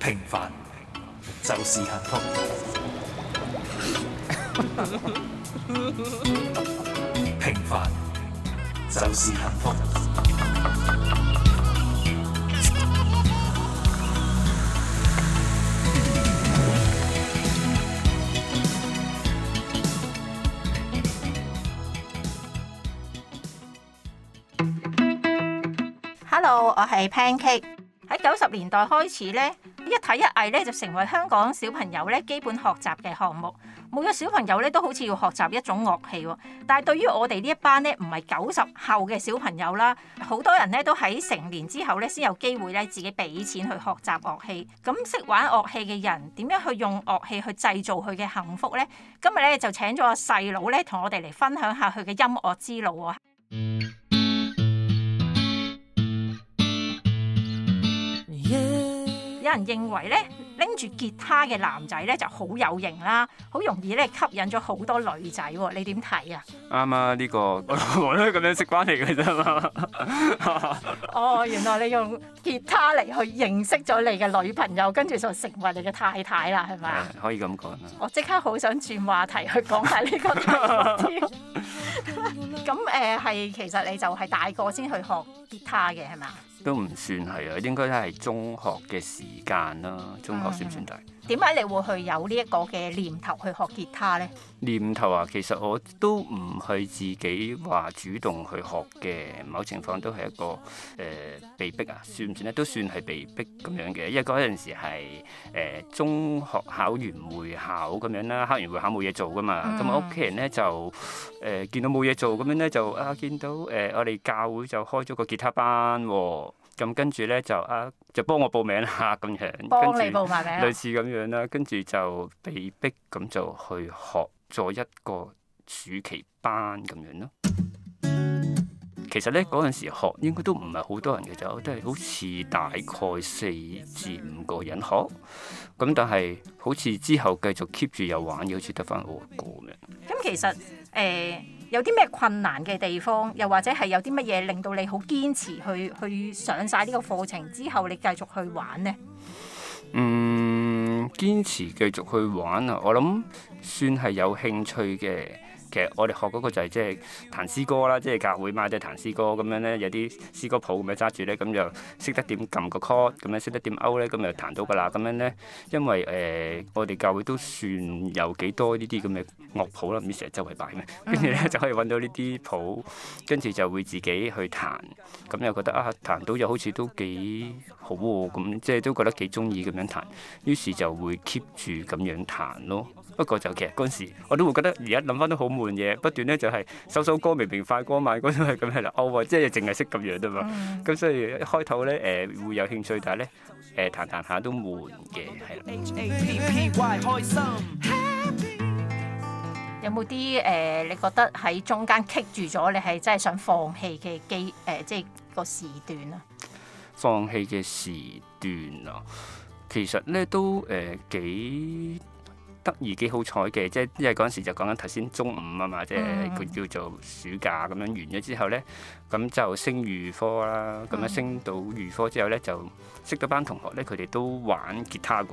平凡就是幸福。 平凡就是幸福。Hello，我係 Pancake。喺九十年代開始呢。一睇一藝咧就成為香港小朋友咧基本學習嘅項目。每個小朋友咧都好似要學習一種樂器喎。但係對於我哋呢一班咧唔係九十後嘅小朋友啦，好多人咧都喺成年之後咧先有機會咧自己俾錢去學習樂器。咁識玩樂器嘅人點樣去用樂器去製造佢嘅幸福咧？今日咧就請咗個細佬咧同我哋嚟分享下佢嘅音樂之路喎。有人認為咧拎住吉他嘅男仔咧就好有型啦，好容易咧吸引咗好多女仔，啊。你點睇啊？啱啊，呢、呢個 我都係咁樣食翻嚟嘅啫嘛。 哦，原來你用吉他嚟去認識咗你嘅女朋友，跟住就成為你嘅太太啦，係咪？可以咁講，我即刻好想轉話題去講下呢個。 咁、呃、誒，係其實你就係大個先去學吉他嘅係咪啊？都唔算係啊，應該都係中學嘅時間啦。中學算唔算大？ 點解你會去有呢一個嘅念頭去學吉他呢？念頭啊，其實我都唔係自己話主動去學嘅，某情況都係一個誒、呃、被逼啊，算唔算咧？都算係被逼咁樣嘅，因為嗰陣時係、呃、中學考完會考咁樣啦，考完會考冇嘢做噶嘛，咁我屋企人咧就誒、呃、見到冇嘢做咁樣咧就啊見到誒、呃、我哋教會就開咗個吉他班喎、啊。咁、嗯、跟住咧就啊，就幫我報名啦，咁、啊、樣。幫你報埋名。類似咁樣啦、啊，跟住就被逼咁就去學咗一個暑期班咁樣咯、啊。其實咧嗰陣時學應該都唔係好多人嘅，就都係好似大概四至五個人學。咁、啊嗯、但係好似之後繼續 keep 住又玩，又好似得翻我一個咁樣。咁其實誒。欸有啲咩困難嘅地方，又或者係有啲乜嘢令到你好堅持去去上晒呢個課程之後，你繼續去玩呢？嗯，堅持繼續去玩啊！我諗算係有興趣嘅。其實我哋學嗰個就係即係彈詩歌啦，即係教會嘛，即係彈詩歌咁樣咧，有啲詩歌譜咁樣揸住咧，咁就識得點撳個 key 咁樣，識得點勾咧，咁就彈到㗎啦。咁樣咧，因為誒我哋教會都算有幾多呢啲咁嘅樂譜啦，唔知成日周圍擺咩，跟住咧就可以揾到呢啲譜，跟住就會自己去彈，咁又覺得啊彈到又好似都幾好喎，咁即係都覺得幾中意咁樣彈，於是就會 keep 住咁樣彈咯。不過就其實嗰時，我都會覺得而家諗返都好悶嘅，不斷咧就係首首歌明明快歌慢歌都係咁樣啦，即係淨係識咁樣啫嘛。咁所以一開頭咧誒會有興趣，但係咧誒彈彈下都悶嘅，係啦。有冇啲誒你覺得喺中間棘住咗，你係真係想放棄嘅機誒？即係個時段啊？放棄嘅時段啊，其實咧都誒幾～得意幾好彩嘅，即係因為嗰陣時就講緊頭先中五啊嘛，即係佢叫做暑假咁樣完咗之後呢，咁就升預科啦，咁樣升到預科之後呢，就識咗班同學呢，佢哋都玩吉他嘅，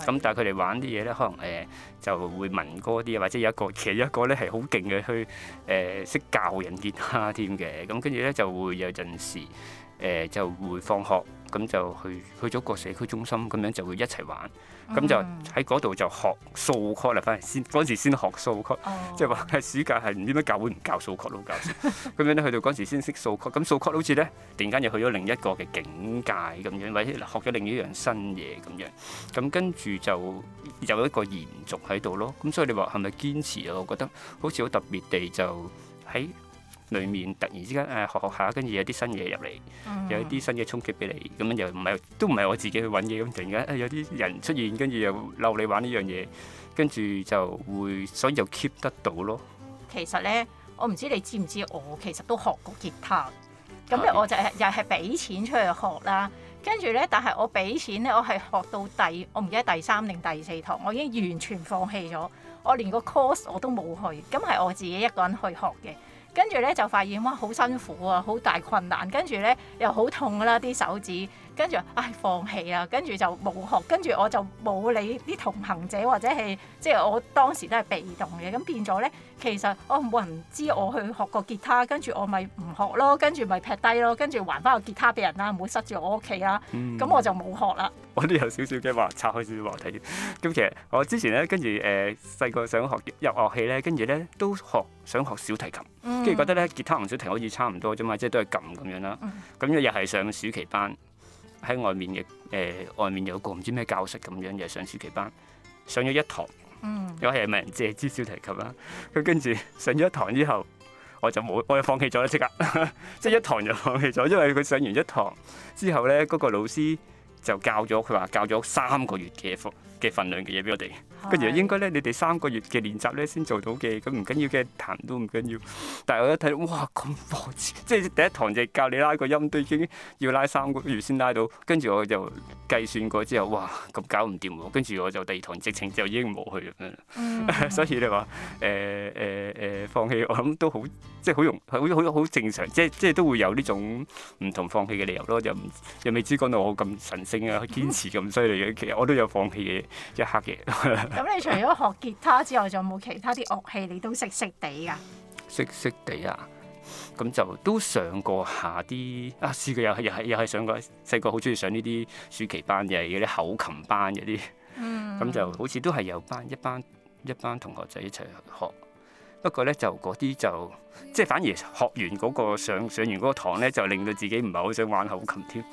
咁的但係佢哋玩啲嘢呢，可能誒、呃、就會民歌啲，或者有一個其實有一個呢係好勁嘅，去誒、呃、識教人吉他添嘅，咁跟住呢，就會有陣時誒、呃、就會放學。咁就去去咗個社區中心，咁樣就會一齊玩。咁、嗯、就喺嗰度就學數學啦，反而先嗰時先學數學，即係話暑假係唔知咩教會唔教數學都教。咁樣咧，去到嗰時先識數學。咁數學好似咧，突然間又去咗另一個嘅境界咁樣，或者嗱學咗另一樣新嘢咁樣。咁跟住就有一個延續喺度咯。咁所以你話係咪堅持啊？我覺得好似好特別地就喺裡面突然之間誒、啊、學學下，跟住有啲新嘢入嚟，嗯、有啲新嘅衝擊俾你，咁樣又唔係都唔係我自己去揾嘢，咁突然間、啊、有啲人出現，跟住又撈你玩呢樣嘢，跟住就會所以就 keep 得到咯。其實呢，我唔知你知唔知我，我其實都學過吉他，咁咧我就係、是又係俾錢出去學啦。跟住呢，但係我俾錢呢，我係學到第我唔記得第三定第四堂，我已經完全放棄咗，我連個 course 我都冇去，咁係我自己一個人去學嘅。跟住咧就發現哇，好辛苦啊，好大困難，跟住咧又好痛啦，啊，啲手指。跟住唉，放棄啊。跟住就冇學，跟住我就冇理啲同行者或者係即係我當時都係被動嘅。咁變咗咧，其實我冇人知我去學過吉他，跟住我咪唔學咯，跟住咪劈低咯，跟住還翻個吉他俾人啦，唔好塞住我屋企啦。咁、嗯、我就冇學啦。我都有少少嘅話拆開少少話題。咁其實我之前咧，跟住誒細個想學入樂器咧，跟住咧都學想學小提琴，跟住、嗯、覺得咧吉他同小提琴好似差唔多啫嘛，即係都係撳咁樣啦。咁、嗯、又係上暑期班。喺外面嘅誒、呃，外面有個唔知咩教室咁樣，又上暑期班，上咗一堂，又係問人借支小提琴啦。佢跟住上咗一堂之後，我就冇，我就放棄咗即刻，即 係一堂就放棄咗，因為佢上完一堂之後咧，嗰、嗰個老師就教咗佢話教咗三個月嘅課。嘅份量嘅嘢俾我哋，跟住的應該咧，你哋三個月嘅練習咧先做到嘅，咁唔緊要嘅彈都唔緊要。但係我一睇，哇咁放，即係第一堂就教你拉個音，都已經要拉三個月先拉到。跟住我就計算過之後，哇咁搞唔掂喎。跟住我就第二堂直情就已經冇去咁樣。嗯、 所以你話誒誒誒放棄，我諗都好，即係好容，好好好正常，即係即係都會有呢種唔同放棄嘅理由咯。又唔又未知講到我咁神聖啊，堅持咁犀利嘅，其實我都有放棄嘅。即一黑嘅。 咁你除咗學吉他之外，仲有冇其他啲樂器你都識識地㗎？識識地啊，咁就都上過下啲啊，試過又係又係又係上過，細個好中意上呢啲暑期班嘅嗰啲口琴班嗰啲。咁、嗯、就好似都係有班一班一班同學仔一齊學，不過咧就嗰啲就。即係反而學完嗰個上上完嗰個堂咧，就令到自己唔係好想玩口琴添，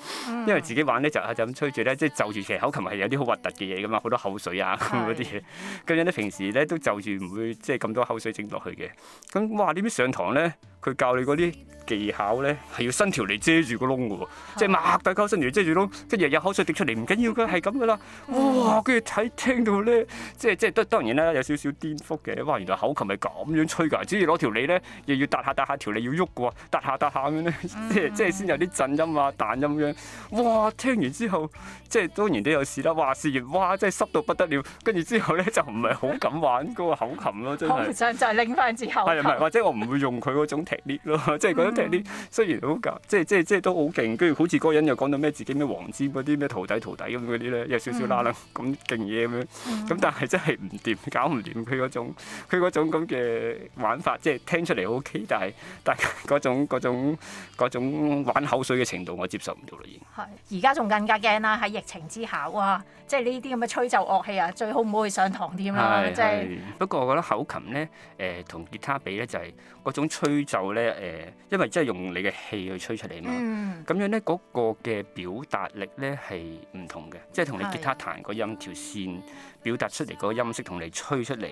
因為自己玩咧就就咁吹住咧，即係就住其實口琴係有啲好核突嘅嘢噶嘛，好多口水啊嗰啲嘢，咁樣咧平時咧都就住唔會即係咁多口水整落去嘅。咁哇點知上堂咧，佢教你嗰啲技巧咧係要伸條脷遮住個窿噶喎，是即係擘大口伸條脷遮住窿，跟住有口水滴出嚟唔緊要嘅，係咁噶啦。哇！跟住睇聽到咧，即係即係都當然啦，有少少顛覆嘅。哇！原來口琴係咁樣吹㗎，只要攞條脷咧。要突下突下條脷要喐嘅喎，突下突下咁咧，即係即係先有啲震音啊、彈音咁、啊、樣。哇，聽完之後，即係當然都有試啦。哇，試完哇，即係濕到不得了。跟住之後咧就唔係好敢玩嗰個口琴咯、啊，真係。我唔想再拎翻支口琴。係或者我唔會用佢嗰種踢裂咯，即係嗰種踢裂雖然好夾，即係即係即係都好勁。跟住好似嗰個人又講到咩自己咩黃尖嗰啲咩徒弟徒弟咁嗰啲咧，有少少拉啦咁勁嘢咁樣。咁但係真係唔掂，搞唔掂佢嗰種佢嗰種咁嘅玩法，即係聽出嚟好。但係，但嗰種嗰種嗰種玩口水嘅程度，我接受唔到啦已經。係而家仲更加驚啦！喺疫情之下，哇！即係呢啲咁嘅吹奏樂器啊，最好唔好去上堂添啦！即係、就是、不過，我覺得口琴咧，誒、呃、同吉他比咧，就係、是、嗰種吹奏咧，誒、呃、因為即係用你嘅氣去吹出嚟啊嘛。咁、嗯、樣咧，嗰個嘅表達力咧係唔同嘅，即係同你吉他彈個音條線表達出嚟嗰音色，同你吹出嚟，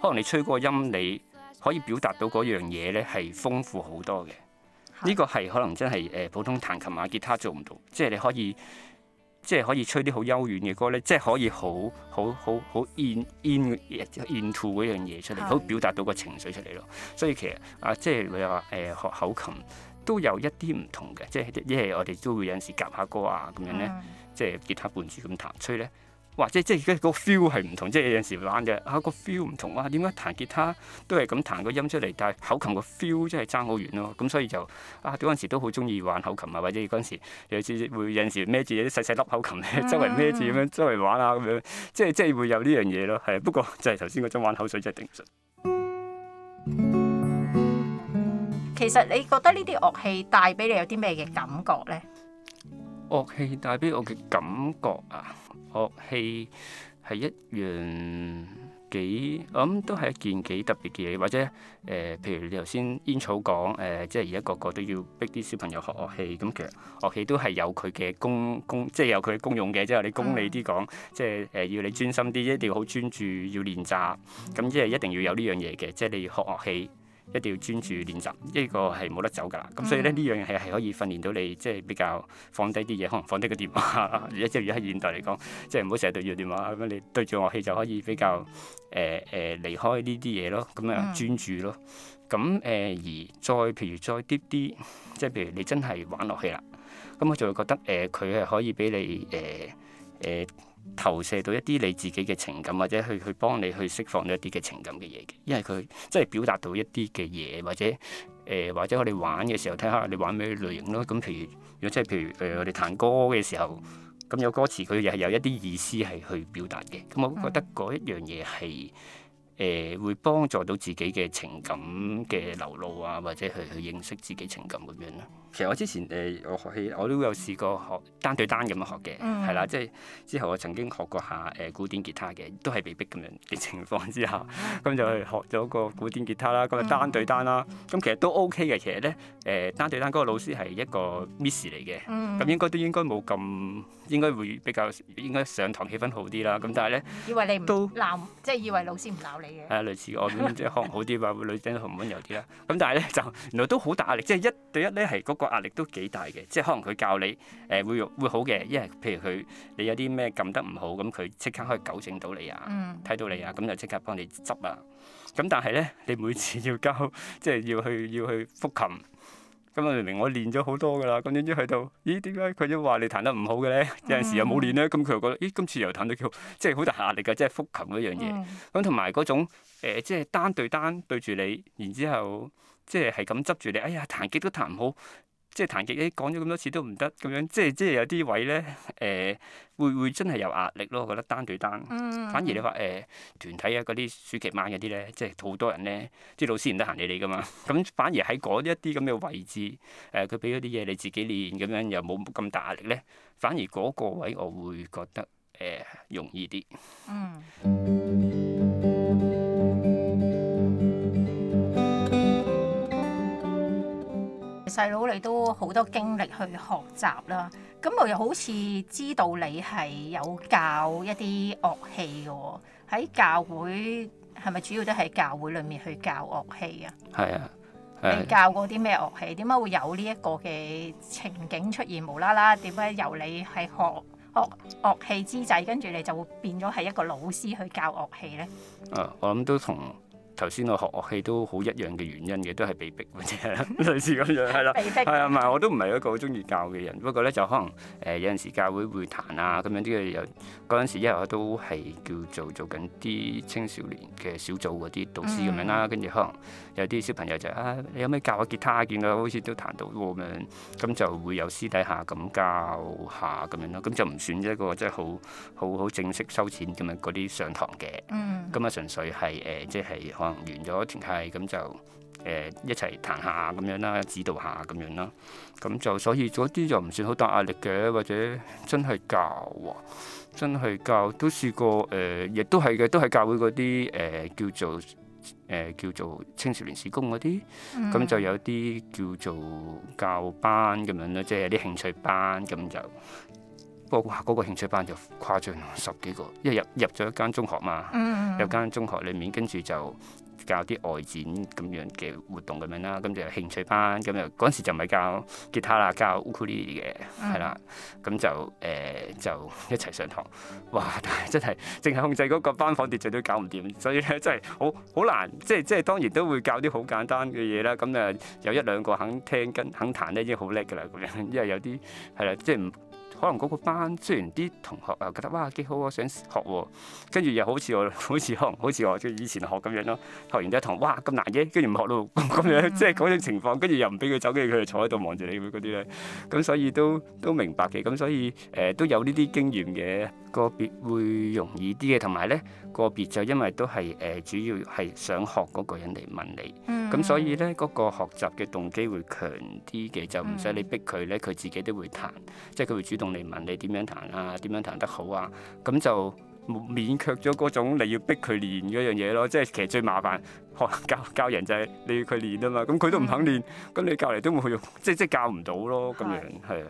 可能你吹個音你。可以表達到嗰樣嘢咧，係豐富好多嘅。呢、這個係可能真係誒、呃、普通彈琴啊、吉他做唔到，即係你可以，即係可以吹啲好悠遠嘅歌咧，即係可以好好好好 in in into 嗰樣嘢出嚟，好的表達到個情緒出嚟咯。所以其實啊，即係你話誒學口琴都有一啲唔同嘅，即係因為我哋都會有時夾下歌啊咁樣咧，嗯、即係吉他伴住咁彈吹咧。或者即係而家個 feel 係唔同，即係有陣時玩嘅啊個 feel 唔同啊。點解彈吉他都係咁彈個音出嚟，但係口琴個 feel 真係爭好遠咯。咁、啊、所以就啊，嗰陣時都好中意玩口琴啊，或者嗰陣時有陣時會有陣時孭住啲細細粒口琴咧，周圍孭住咁樣、嗯、周圍玩啊咁樣，即係即係會有呢樣嘢咯。係不過就係頭先嗰種玩口水真係頂唔順。其實你覺得呢啲樂器帶俾你有啲咩嘅感覺咧？樂器帶俾我嘅感覺啊！樂器係一樣幾，我諗都係一件幾特別嘅嘢，或者誒、呃，譬如你頭先煙草講，誒、呃，即係而家個個都要逼啲小朋友學樂器，咁、嗯、其實樂器都係有佢嘅功功，即係有佢嘅功用嘅，即係你功利啲講，即係誒、呃、要你專心啲，一定要好專注要練習，咁即係一定要有呢樣嘢嘅，即係你學樂器。一定要專注練習，呢個係冇得走㗎啦。咁所以咧，呢、嗯、樣嘢係係可以訓練到你，即、就、係、是、比較放低啲嘢，可能放低個電話。而家、嗯、即係如果喺現代嚟講，即係唔好成日對住電話咁，你對住樂器就可以比較誒誒、呃呃、離開呢啲嘢咯。咁樣專注咯。咁誒、呃、而再譬如再啲啲，即係譬如你真係玩樂器啦，咁我就會覺得誒佢係可以俾你誒誒、呃呃投射到一啲你自己嘅情感，或者去去幫你去釋放一啲嘅情感嘅嘢嘅，因為佢即係表達到一啲嘅嘢，或者誒、呃、或者我哋玩嘅時候，睇下你玩咩類型咯。咁譬如如果即係譬如誒我哋彈歌嘅時候，咁有歌詞佢又係有一啲意思係去表達嘅。咁我覺得嗰一樣嘢係。誒會幫助到自己嘅情感嘅流露啊，或者係去，去認識自己情感咁樣咯。其實我之前誒學器，我都有試過學單對單咁樣學嘅，係啦、嗯，即係之後我曾經學過下誒、呃、古典吉他嘅，都係被逼咁樣嘅情況之下，咁、嗯、就去學咗個古典吉他啦，嗰個單對單啦，咁、嗯、其實都 OK 嘅。其實咧誒、呃、單對單嗰個老師係一個 Miss 嚟嘅，咁、嗯、應該都應該冇咁應該會比較應該上堂氣氛好啲啦。咁但係咧，以為你唔鬧，即係以為老師唔鬧你。係啊， 類似我咁，即係可能好啲吧，女仔都好溫柔啲啦。咁但係咧就原來都好大壓力，即係一對一咧係嗰個壓力都幾大嘅。即係可能佢教你，誒會會好嘅。因為譬如佢你有啲咩撳得唔好，咁佢即刻可以糾正到你啊，睇到你啊，咁就即刻幫你執啊。咁但係咧，你每次要交即係要去要去復琴。咁啊，明明我練咗好多噶啦，咁樣一去到，咦？點解佢都話你彈得唔好嘅咧？有陣時又冇練咧，咁佢又覺得，咦？今次又彈得幾好，即係好大壓力噶，即係復琴嗰樣嘢。咁同埋嗰種誒、呃，即係單對單對住你，然之後即係係咁執住你，哎呀，彈極都彈唔好。即係彈極講咗咁多次都唔得咁樣，即係即係有啲位呢誒、呃、會會真係有壓力咯。我覺得單對單，嗯、反而你話誒、呃、團體啊嗰啲暑期班嗰啲呢，即係好多人呢，即係老師唔得閒理你㗎嘛。咁反而喺嗰一啲咁嘅位置，誒佢俾咗啲嘢你自己練咁樣，又冇咁大壓力呢。反而嗰個位，我會覺得誒、呃、容易啲。嗯細佬，你都好多經歷去學習啦。咁我又好似知道你係有教一啲樂器嘅喎。喺教會係咪主要都係教會裡面去教樂器啊？係啊，啊你教過啲咩樂器？點解會有呢一個嘅情景出現？無啦啦，點解由你係學學樂器之際，跟住你就會變咗係一個老師去教樂器咧？啊，我諗都同。頭先我學，學樂器都好一樣嘅原因嘅，都係被逼或者 類似咁樣，係啦，被逼係啊，唔係我都唔係一個好中意教嘅人，不過咧就可能誒有陣時教會會彈啊咁樣啲嘅，有嗰陣時因為我都係叫做做緊啲青少年嘅小組嗰啲導師咁、嗯、樣啦，跟住可能有啲小朋友就啊，你有咩教下吉他啊？見到好似都彈到咁樣，咁就會有私底下咁教下咁樣咯，咁就唔算一個即係好好好正式收錢咁樣嗰啲上堂嘅，咁啊、嗯，純粹係誒即係可能。完咗團契咁就誒、呃、一齊彈下咁樣啦，指導下咁樣啦，咁就所以嗰啲就唔算好大壓力嘅，或者真係教啊，真係教都試過誒，亦都係嘅，都係教會嗰啲誒叫做誒、呃、叫做青少年事工嗰啲，咁就有啲叫做教班咁樣啦，即係有啲興趣班咁就，不過哇嗰個興趣班就誇張十幾個，因為入入咗一間中學嘛，入間、嗯、中學裡面跟住就。教啲外展咁樣嘅活動咁樣啦，咁就有興趣班，咁又嗰陣時就咪教吉他啦，教 ukulele 嘅，係啦，咁就誒、呃、就一齊上堂，哇！但係真係淨係控制嗰個班房秩序都搞唔掂，所以咧真係好好難，即係即係當然都會教啲好簡單嘅嘢啦，咁啊有一兩個肯聽跟肯彈咧已經好叻㗎啦，咁樣，因為有啲係啦，即係唔。可能嗰個班雖然啲同學又覺得哇幾好啊，我想學喎、啊，跟住又好似我，好似可能好似我以前學咁樣咯。學完一堂，哇咁難啫、啊，跟住唔學咯、啊，咁樣、mm hmm. 即係嗰種情況，跟住又唔俾佢走，跟住佢就坐喺度望住你咁嗰啲咧。咁所以都都明白嘅，咁所以誒、呃、都有呢啲經驗嘅。個別會容易啲嘅，同埋咧個別就因為都係誒、呃、主要係想學嗰個人嚟問你，咁、mm hmm. 所以咧嗰、那個學習嘅動機會強啲嘅，就唔使你逼佢咧，佢自己都會彈，即係佢會主動。嚟問你點樣彈啊？點樣彈得好啊？咁就勉強咗嗰種你要逼佢練嗰樣嘢咯。即係其實最麻煩學教教人就係你要佢練啊嘛。咁佢都唔肯練，咁、嗯、你教嚟都冇用，即係即係教唔到咯。咁是樣係啊。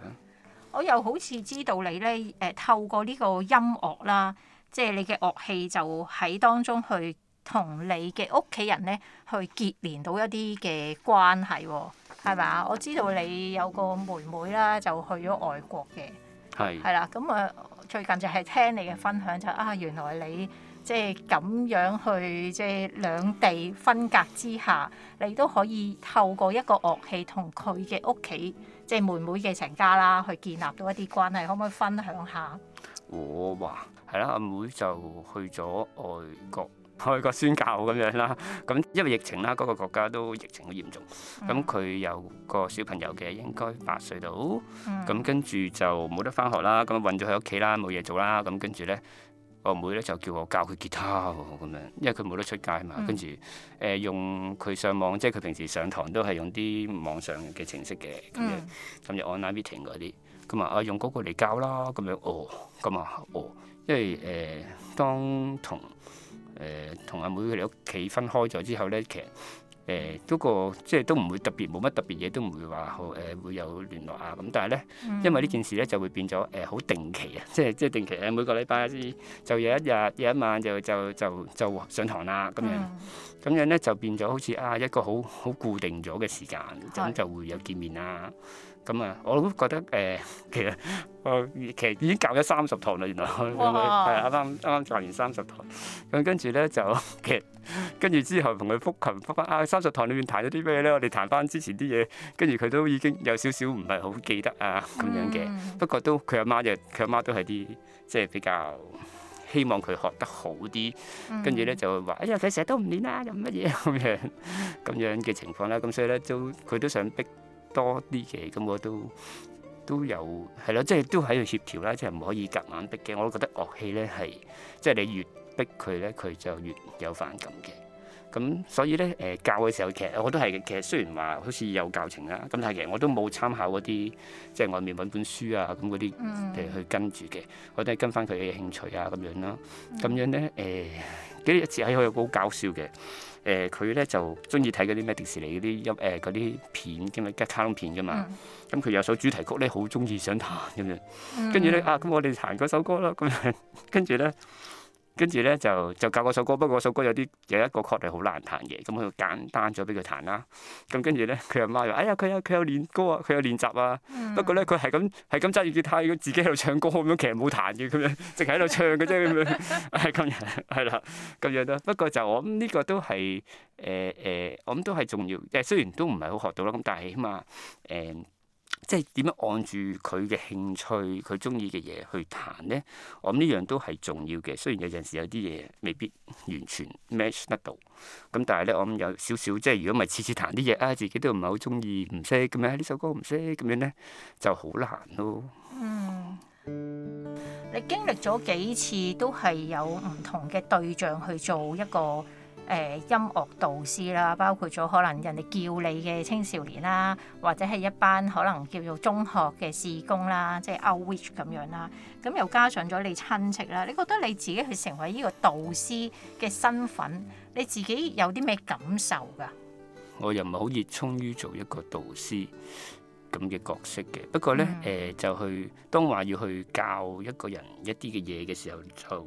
我又好似知道你咧，誒、透過呢個音樂啦，即係你嘅樂器就喺當中去同你嘅屋企人咧去結連到一啲嘅關係喎。係咪？我知道你有個妹妹啦，就去咗外國嘅。係係啦，咁啊最近就係聽你嘅分享就係、啊，原來你即係咁樣去即係、就係、兩地分隔之下，你都可以透過一個樂器同佢嘅屋企即係妹妹嘅成家啦，去建立到一啲關係，可唔可以分享下？我話係啦，阿妹就去咗外國。開個宣教咁樣啦，咁因為疫情啦，嗰、那個國家都疫情好嚴重。咁佢有個小朋友嘅，應該八歲到咁、嗯，跟住就冇得返學啦，咁困咗喺屋企啦，冇嘢做啦。咁跟住咧，我妹咧就叫我教佢吉他喎，咁樣，因為佢冇得出街嘛。嗯、跟住誒、呃、用佢上網，即係佢平時上堂都係用啲網上嘅程式嘅，咁、就是嗯、樣，咁就 online meeting 嗰啲。咁啊，我用嗰個嚟教啦，咁樣哦，咁啊哦，因為誒、呃、當同。誒同阿妹佢哋屋企分開咗之後咧，其實誒嗰個、呃、即係都唔會特別冇乜特別嘢，都唔會話誒、呃、會有聯絡啊。咁但係咧，嗯、因為呢件事咧就會變咗誒好定期啊，即係即係定期咧，每個禮拜就有一日有一,一晚就就就就，就上堂啦咁樣，咁、嗯、樣咧就變咗好似啊一個好好固定咗嘅時間，咁就會有見面啦。嗯咁啊、嗯，我都覺得誒、呃，其實我、呃、其實已經教咗三十堂啦，原來係啊，啱啱啱啱教完三十堂，咁跟住咧就其實跟住之後同佢復琴復翻啊，三十堂裏面彈咗啲咩咧？我哋彈翻之前啲嘢，跟住佢都已經有少少唔係好記得啊咁樣嘅。不過都佢阿媽就佢阿媽都係啲即係比較希望佢學得好啲，跟住咧就話哎呀，佢成日都唔練啦，又乜嘢咁樣咁樣嘅情況啦。咁所以咧都佢都想逼。多啲嘅，咁我都都有係咯，即係都喺度協調啦，即係唔可以夾硬，硬逼嘅。我都覺得樂器咧係，即係你越逼佢咧，佢就越有反感嘅。咁所以咧，誒、呃、教嘅時候其實我都係其實雖然話好似有教程啦，咁但係其實我都冇參考嗰啲即係外面揾本書啊咁嗰啲嚟去跟住嘅，我都係跟翻佢嘅興趣啊咁樣啦。咁樣咧誒幾一次喺佢好搞笑嘅。誒佢咧就中意睇嗰啲咩迪士尼啲音誒啲片，因為嘅卡通片噶嘛，咁佢、嗯嗯、有首主題曲咧好中意想彈咁樣，跟住咧啊咁我哋彈嗰首歌咯，咁樣跟住咧。 跟住咧就就教嗰首歌，不過嗰首歌有啲有一個調係好難彈嘅，咁佢就簡單咗俾佢彈啦。咁跟住咧，佢阿媽話：哎呀，佢有佢有練歌，啊，佢有練習啊。嗯、不過咧，佢係咁係咁揸住吉他，自己喺度唱歌，咁樣其實冇彈嘅，咁樣淨係喺度唱嘅啫，咁樣係咁 樣係啦，咁樣啦。不過就我諗呢個都係誒誒，我諗都係重要。誒雖然都唔係好學到囉，咁但係起碼誒。呃即係點樣按住佢嘅興趣，佢中意嘅嘢去彈呢？我諗呢樣都係重要嘅。雖然有陣時有啲嘢未必完全 match 得到，咁但係呢，我諗有少少即係如果唔係次次彈啲嘢啊，自己都唔係好中意，唔識咁樣，呢首歌唔識咁樣呢就好難咯。嗯，你經歷咗幾次都係有唔同嘅對象去做一個。誒音樂導師啦，包括咗可能人哋叫你嘅青少年啦，或者係一班可能叫做中學嘅事工啦，即係 outreach 咁樣啦。咁又加上咗你親戚啦，你覺得你自己去成為呢個導師嘅身份，你自己有啲咩感受㗎？我又唔係好熱衷於做一個導師咁嘅角色嘅，不過呢，誒、嗯呃、就去當話要去教一個人一啲嘅嘢嘅時候就。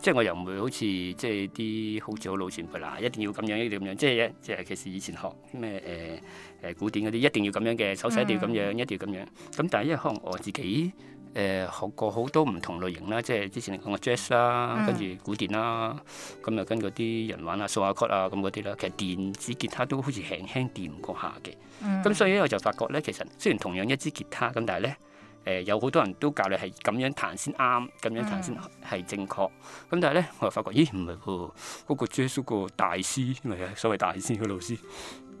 即係我又唔會好似即係啲好似好老前輩嗱，一定要咁樣一定要咁樣，即係即係其實以前學咩誒誒古典嗰啲一定要咁樣嘅手勢咁樣一定要咁樣。咁、嗯、但係因為可能我自己誒、呃、學過好多唔同類型啦，即係之前講嘅 jazz 啦，跟住古典啦，咁又跟嗰啲人玩下數下曲啊咁嗰啲啦。其實電子吉他都好似輕輕掂過下嘅，咁、嗯、所以咧我就發覺咧其實雖然同樣一支吉他咁，但係咧。誒、呃、有好多人都教你係咁樣彈先啱，咁樣彈先係正確。咁、mm hmm。但係咧，我就發覺，咦唔係噃，嗰、嗰個 Jazz 個大師嚟啊，所謂大師嘅老師。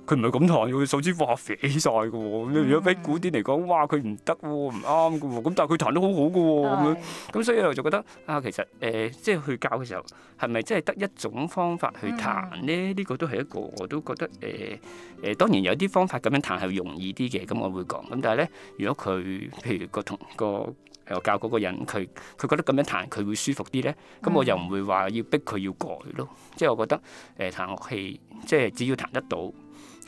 佢唔係咁彈嘅，佢手指發肥晒嘅喎。咁如果俾古典嚟講，哇，佢唔得喎，唔啱嘅喎。咁但係佢彈得好好嘅喎，咁是樣咁所以我就覺得啊，其實誒、呃，即係去教嘅時候係咪真係得一種方法去彈咧？呢、嗯、個都係一個我都覺得誒誒、呃，當然有啲方法咁樣彈係容易啲嘅。咁我會講咁，但係咧，如果佢譬如、嗰個同個又教嗰個人，佢佢覺得咁樣彈佢會舒服啲咧，咁我又唔會話要逼佢要改咯。即係我覺得誒、呃呃、彈樂器即係只要彈得到。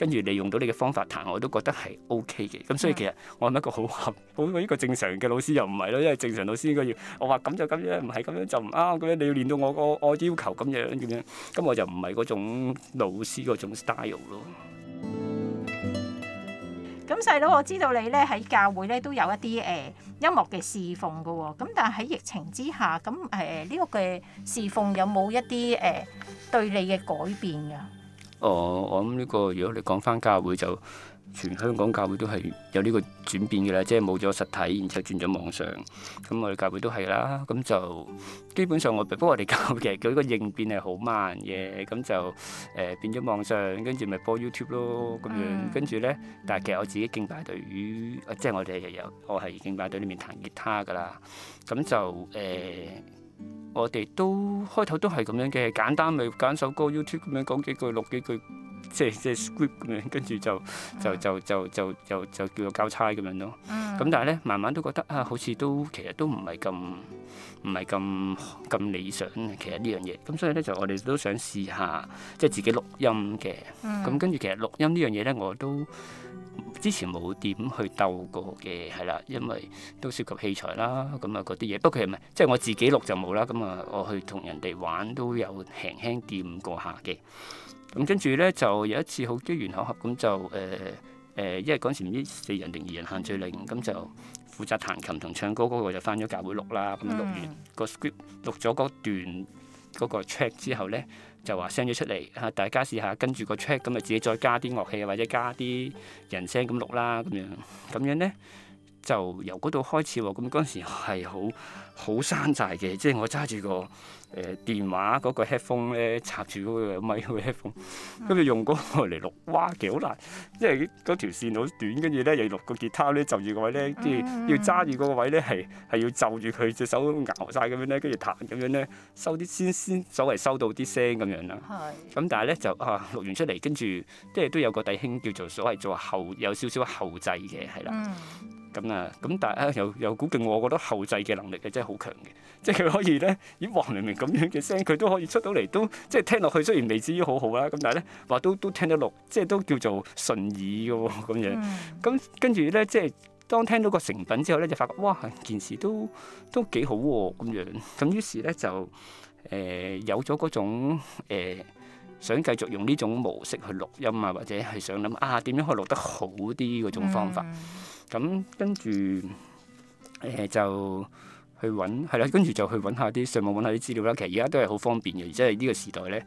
跟住你用到你嘅方法彈，我都覺得係 OK 嘅。咁所以其實我係一個好合，好呢個正常嘅老師又唔係咯，因為正常老師應該要我話咁就咁樣，唔係咁樣就唔啱嘅。你要練到我個我要求咁樣咁樣，咁我就唔係嗰種老師嗰種 style 咯。咁細佬，我知道你咧喺教會咧都有一啲誒、呃、音樂嘅侍奉嘅喎、哦，咁但係喺疫情之下，咁誒呢個嘅侍奉有冇一啲誒、呃、對你嘅改變㗎？哦，我諗呢、這個，如果你講翻教會就，全香港教會都係有呢個轉變嘅啦，即係冇咗實體，然之後轉咗網上，咁我哋教會都係啦，咁就基本上我，不過我哋教會其實佢呢個應變係好慢嘅，咁就誒、呃、變咗網上，跟住咪播 YouTube 咯，咁樣跟住咧，但係其實我自己敬拜隊與、呃，即係我哋日日，我係敬拜隊裏面彈吉他噶啦，咁就誒。呃我哋都開頭都係咁樣嘅，簡單咪揀首歌 YouTube 咁樣講幾句錄幾句，即係即係 script 咁樣，跟住就就就就就就就叫做交差咁樣咯。咁、嗯、但係咧，慢慢都覺得啊，好似都其實都唔係咁唔係咁咁理想。其實呢樣嘢，咁所以咧就我哋都想試下即係、就是、自己錄音嘅。咁跟住其實錄音呢樣嘢咧，我都。之前冇點去鬥過嘅，係啦，因為都涉及器材啦，咁啊嗰啲嘢。不過佢唔係，即係我自己錄就冇啦。咁啊，我去同人哋玩都有輕輕掂過下嘅。咁跟住呢，就有一次好機緣巧合，咁就誒誒、呃呃，因為嗰陣時唔知四人定二人限聚令，咁就負責彈琴同唱歌嗰個就返咗教會錄啦。咁錄完個 script，錄咗嗰段嗰個 track 之後呢。就話 send 咗出嚟，大家試下跟住個 track 咁，咪自己再加啲樂器或者加啲人聲咁錄啦，咁樣咁樣咧。就由嗰度開始喎。咁嗰陣時係好好山寨嘅，即係我揸住個誒、呃、電話嗰個 headphone 咧，插住嗰個咪個 headphone，跟住用嗰個嚟錄哇，其實好難，即係嗰條線好短，跟住咧又要錄個吉他咧，就住個位咧，即係要揸住個位咧，係係要就住佢隻手咬晒咁樣咧，跟住彈咁樣咧，收啲先先，所謂收到啲聲咁樣啦。係咁是，但係咧就啊錄完出嚟，跟住即係都有個弟兄叫做所謂做後有少少，少後製嘅係啦。咁啊，咁、嗯、但係咧又又古勁，我覺得後製嘅能力係真係好強嘅，即係佢可以咧咦，黃明明咁樣嘅聲，佢都可以出到嚟，都即係聽落去雖然未至於好好啦，咁但係咧話都都聽得落，即係都叫做順耳嘅喎，咁樣咁、嗯、跟住咧，即係當聽到個成品之後咧，就發覺哇件事都都幾好喎，啊，咁樣咁於是咧就誒、呃、有咗嗰種、呃想繼續用呢種模式去錄音啊，或者係想諗啊點樣可以錄得好啲嗰種方法。咁、嗯嗯、跟住誒、呃、就去揾係啦，跟住就去揾下啲上網揾下啲資料啦。其實而家都係好方便嘅，而即係呢個時代咧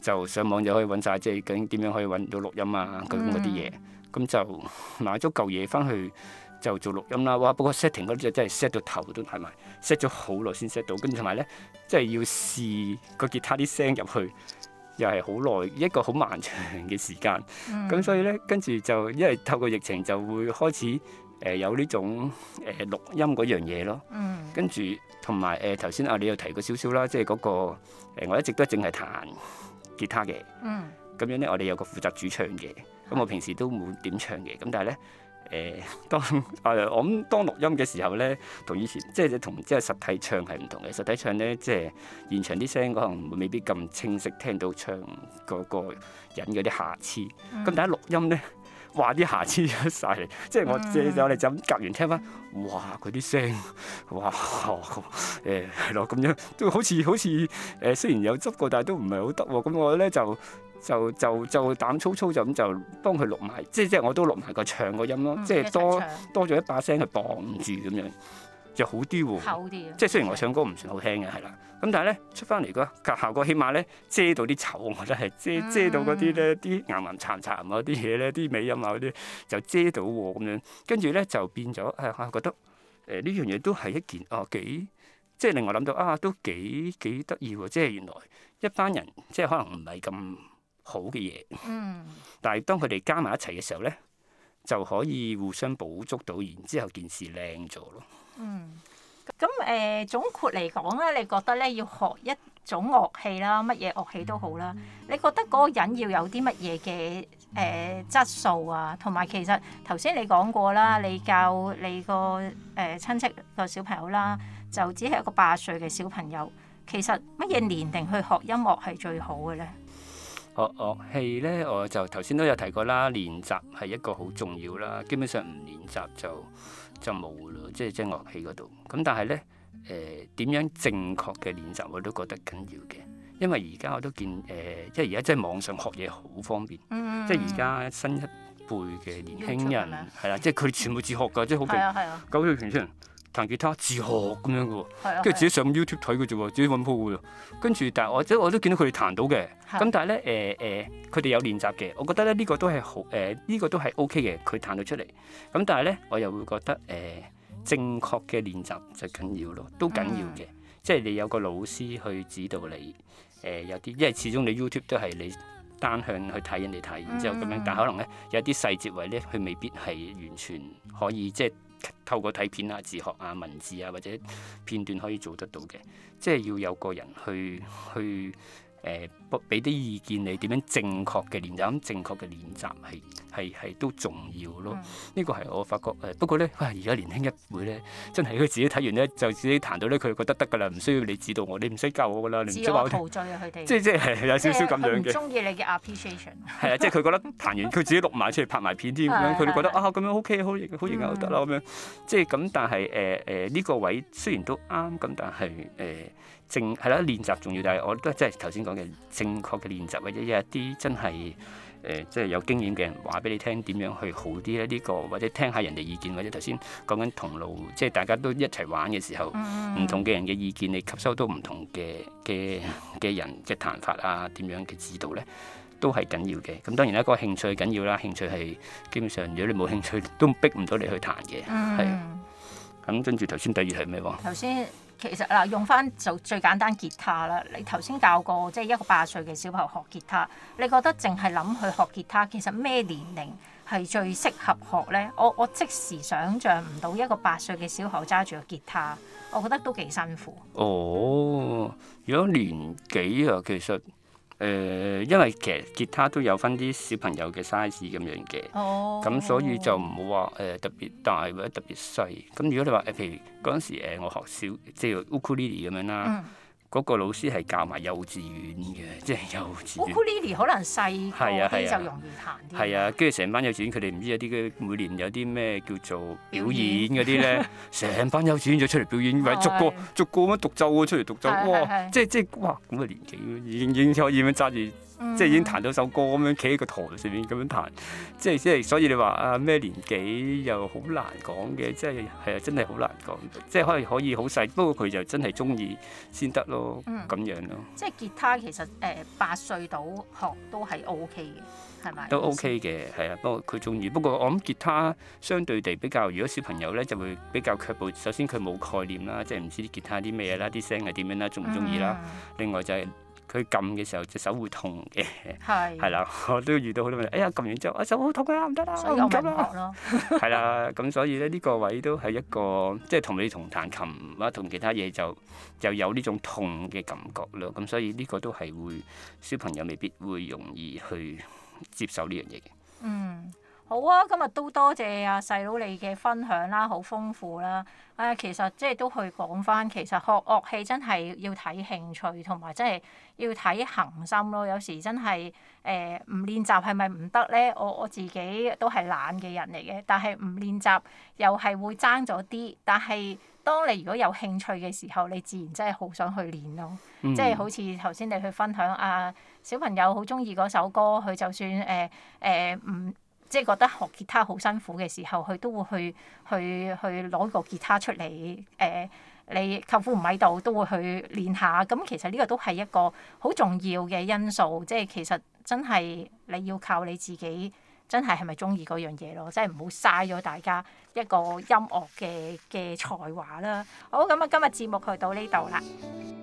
就上網就可以揾曬，即係究竟點樣可以揾到錄音啊嗰種嗰啲嘢。咁、嗯嗯、就買咗嚿嘢返去就做錄音啦。哇！不過 setting 嗰啲真係 set 到頭都係埋 set 咗好耐先 set 到，跟住同埋咧即係要試個吉他啲聲入去。又係好耐一個好漫長嘅時間，咁、嗯、所以咧，跟住就因為透過疫情就會開始誒、呃、有呢種誒、呃、錄音嗰樣嘢咯。嗯，跟住同埋誒頭先啊，有呃、你又提過少少啦，即係嗰、那個、呃、我一直都係淨係彈吉他嘅。嗯，咁樣咧，我哋有個負責主唱嘅，咁、嗯、我平時都冇點唱嘅，咁但係咧。誒當誒我諗當錄音嘅時候咧，同以前即係同即係實體唱係唔同嘅。實體唱咧，即係現場啲聲可能會未必咁清晰聽到唱嗰個人嗰啲瑕疵。咁、嗯、但係錄音咧，哇啲瑕疵出曬嚟，即係我借咗你就夾完聽翻，哇嗰啲聲，哇誒係咯咁樣，都好似好似誒雖然有執過，但係都唔係好得喎。咁我咧就。就就就膽粗粗就咁就幫佢錄埋，即即我都錄埋個唱個音咯。即多多咗一把聲去綁住咁樣，就好啲喎。醜啲即雖然我唱歌唔算好聽嘅，係啦，咁但係咧出翻嚟個效果，起碼咧遮到啲醜，我覺得係遮遮到嗰啲咧啲岩岩殘殘啊啲嘢咧，啲尾音啊嗰啲就遮到喎咁樣。跟住咧就變咗啊，覺得誒呢樣嘢都係一件哦幾即係令我諗到啊，都幾幾得意喎！即係原來一班人即係可能唔係咁。好嘅嘢，嗯、但係當佢哋加埋一齊嘅時候咧，就可以互相補足到，然之後件事靚咗咯。嗯，咁誒、呃、總括嚟講咧，你覺得咧要學一種樂器啦，乜嘢樂器都好啦，你覺得嗰個人要有啲乜嘢嘅誒質素啊？同埋其實頭先你講過啦，你教你個誒、呃、親戚個小朋友啦，就只係一個八歲嘅小朋友，其實乜嘢年齡去學音樂係最好嘅咧？學樂器咧，我就頭先都有提過啦。練習係一個好重要啦，基本上唔練習就就冇咯，即係即係樂器嗰度。咁但係咧，誒、呃、點樣正確嘅練習我都覺得緊要嘅，因為而家我都見誒、呃，即係而家即係網上學嘢好方便，嗯、即係而家新一輩嘅年輕人係啦、嗯啊，即係佢全部自學㗎， 即係好勁， 啊、九條全出嚟。彈吉他自學咁樣嘅喎，跟住自己上 YouTube 睇嘅啫喎，自己揾鋪嘅。跟住但係我都我都見到佢哋彈到嘅，咁的但係咧誒誒，佢、呃、哋、呃、有練習嘅，我覺得咧呢個都係好誒，呢、呃這個都係 O.K. 嘅，佢彈到出嚟。咁但係咧，我又會覺得誒、呃、正確嘅練習就緊要咯，都緊要嘅。即係、嗯、你有個老師去指導你誒、呃，有啲因為始終你 YouTube 都係你單向去睇人哋睇，然之後咁樣，嗯、但係可能咧有啲細節位咧，佢未必係完全可以即係。即係透過睇片啊、自學啊、文字啊，或者片段可以做得到嘅，即係要有個人去去。誒俾啲意見你點樣正確嘅練習，咁正確嘅練習係係係都重要咯。呢個係我發覺誒，不過咧，而家年輕一輩咧，真係佢自己睇完咧，就自己彈到咧，佢覺得得噶啦，唔需要你指導我，你唔使教我噶啦。自我陶醉啊！佢哋即係即係有少少咁樣嘅。中意你嘅 appreciation 係啊，即係佢覺得彈完佢自己錄埋出嚟拍埋片添咁樣，佢哋覺得啊咁樣 OK 好，好易咬得啦咁樣。即係咁，但係誒誒呢個位雖然都啱咁，但係誒。正啦，練習重要，但係我覺得即係頭先講嘅正確嘅練習，或者一啲真係誒，即、呃、係有經驗嘅人話俾你聽點樣去好啲咧？呢、呢個或者聽下人哋意見，或者頭先講緊同路，即係大家都一齊玩嘅時候，唔、嗯、同嘅人嘅意見，你吸收到唔同嘅嘅嘅人嘅彈法啊，點樣嘅指導咧，都係緊要嘅。咁當然啦，個興趣緊要啦，興趣係基本上，如果你冇興趣，都逼唔到你去彈嘅。係咁、嗯，跟住頭先第二題係咩喎？頭先。其實嗱，用翻就最簡單吉他啦。你頭先教過即係一個八歲嘅小朋友學吉他，你覺得淨係諗去學吉他，其實咩年齡係最適合學咧？我我即時想像唔到一個八歲嘅小孩揸住個吉他，我覺得都幾辛苦。哦，如果年紀啊，其實～誒、呃，因為其實吉他都有分啲小朋友嘅 size 咁樣嘅，咁、oh. 所以就唔好話誒特別大或者特別細。咁如果你話誒、呃，譬如嗰陣時、呃、我學小，即係 ukulele 咁樣啦。Mm. 嗰個老師係教埋幼稚園嘅，即係幼稚園。好，Lily 可能細，所以、啊啊、就容易彈啲。係啊，跟住成班幼稚園，佢哋唔知有啲嘅每年有啲咩叫做表演嗰啲咧，成演 班幼稚園就出嚟表演，咪是逐個逐個咁樣獨奏喎，出嚟獨奏，即係即係哇咁嘅年紀，仍然可以咁樣揸住。嗯、即係已經彈到首歌咁樣，企喺個台上面咁樣彈，即係即係，所以你話啊咩年紀又好難講嘅，即係係啊，真係好難講，即係可以可以好細，不過佢就真係中意先得咯，咁、嗯、樣咯。即係吉他其實誒八、呃、歲到學都係 O K 嘅，係咪？都 O K 嘅，係啊，不過佢中意。不過我諗吉他相對地比較，如果小朋友咧就會比較卻步。首先佢冇概念啦，即係唔知啲吉他啲咩啦，啲聲係點樣啦，中唔中意啦。另外就係、是。佢撳嘅時候隻手會痛嘅，係啦是，我都遇到好多問題。哎呀，撳完之後，我手好痛啊，唔得啦，唔敢啦。係啦， 咁所以咧呢個位都係一個，即係同你同彈琴或者同其他嘢就就有呢種痛嘅感覺咯。咁所以呢個都係會小朋友未必會容易去接受呢樣嘢嘅。嗯。好啊！今日都多謝阿細佬你嘅分享啦，好豐富啦。誒、哎，其實即係都去講返，其實學樂器真係要睇興趣，同埋真係要睇恆心咯。有時真係誒唔練習係咪唔得咧？我我自己都係懶嘅人嚟嘅，但係唔練習又係會爭咗啲。但係當你如果有興趣嘅時候，你自然真係好想去練咯。即係、嗯、好似頭先你去分享啊，小朋友好中意嗰首歌，佢就算誒誒唔～、呃呃即係覺得學吉他好辛苦嘅時候，佢都會去去去攞個吉他出嚟。誒、呃，你舅父唔喺度都會去練下。咁、嗯、其實呢個都係一個好重要嘅因素。即係其實真係你要靠你自己真是是是，真係係咪中意嗰樣嘢咯？即係唔好嘥咗大家一個音樂嘅嘅才華啦。好咁啊、嗯，今日節目去到呢度啦。